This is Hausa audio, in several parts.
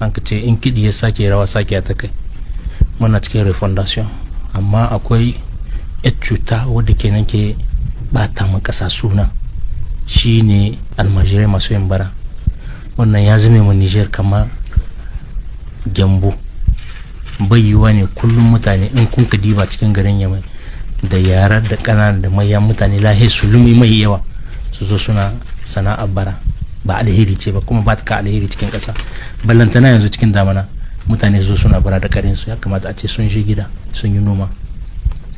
an ka ce in kiɗi ya sake rawa sake ta kai muna cikin refundation amma akwai ya cuta wadda ke nan ke bata mu ƙasa suna shine almajirai masu yin bara wannan ya zame mu nijar kamar gyambo bai yiwa ne kullum mutane in kun ka diba cikin garin yamai da yara da ƙana da mayan mutane lahe su lumi mai yawa su zo suna sana'ar bara ba alheri ce ba kuma ba ta ka alheri cikin kasa ballantana yanzu cikin damana mutane zo suna bara da karin su ya kamata a ce sun je gida sun yi noma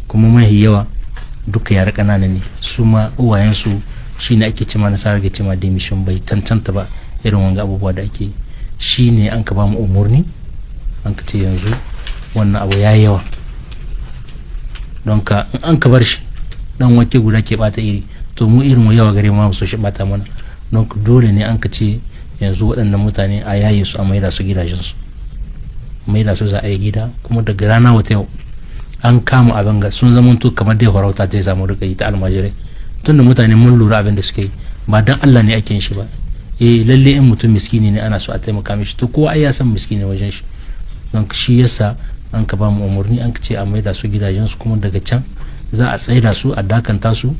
kuma mahi yawa duka yara ƙanana ne su ma uwayensu shi ne ake cima nasarar ga cima da mishin bai tantanta ba irin wanga abubuwa da ake shi ne an ka ba mu umarni an ka ce yanzu wannan abu ya yawa don ka an ka bar shi dan wake guda ke bata iri to mu irin mu yawa gare mu so shi bata mana don dole ne an ka ce yanzu waɗannan mutane a yaye su a maida su gidajensu maida su za a yi gida kuma daga rana wata yau an kama abin ga sun zamanto kamar dai farauta ta samu rika yi ta almajirai tun da mutane mun lura abin da suke yi ba dan Allah ne ake yin shi ba eh lalle in mutum miskini ne ana so a taimaka mishi to kowa ai ya san miskini wajen shi don shi yasa an ka ba mu umarni an ka ce a maida su gidajensu kuma daga can za a tsaida su a dakanta su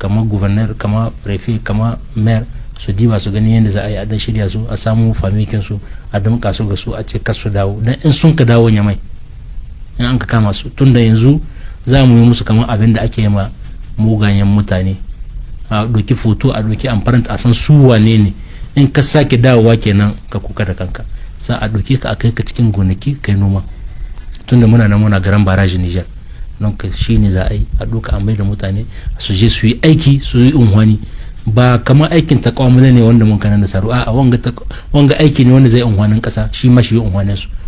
Kama gouverneur kamar prefe kama maire su diba su gani yadda za a yi a dan shirya su a samu famikin su a damƙa su ga su a ce kasu dawo dan in sun ka dawo ya mai in an ka kama su tun da yanzu za mu yi musu kamar abin da ake ma mugayen mutane a doki foto a doki amfaranta a san su wane ne in ka sake dawowa kenan ka kuka da kanka sa a doki ka a kai ka cikin gonaki kai noma tunda muna nan muna garan baraji Nijar donc shi ne za a yi a duka amai da mutane su je su yi aiki su yi unhwani ba kamar aikin ta ne wanda mun kana da saru a wanga aiki ne wanda zai unhwanin ƙasa shi ma shi yi unhwanin su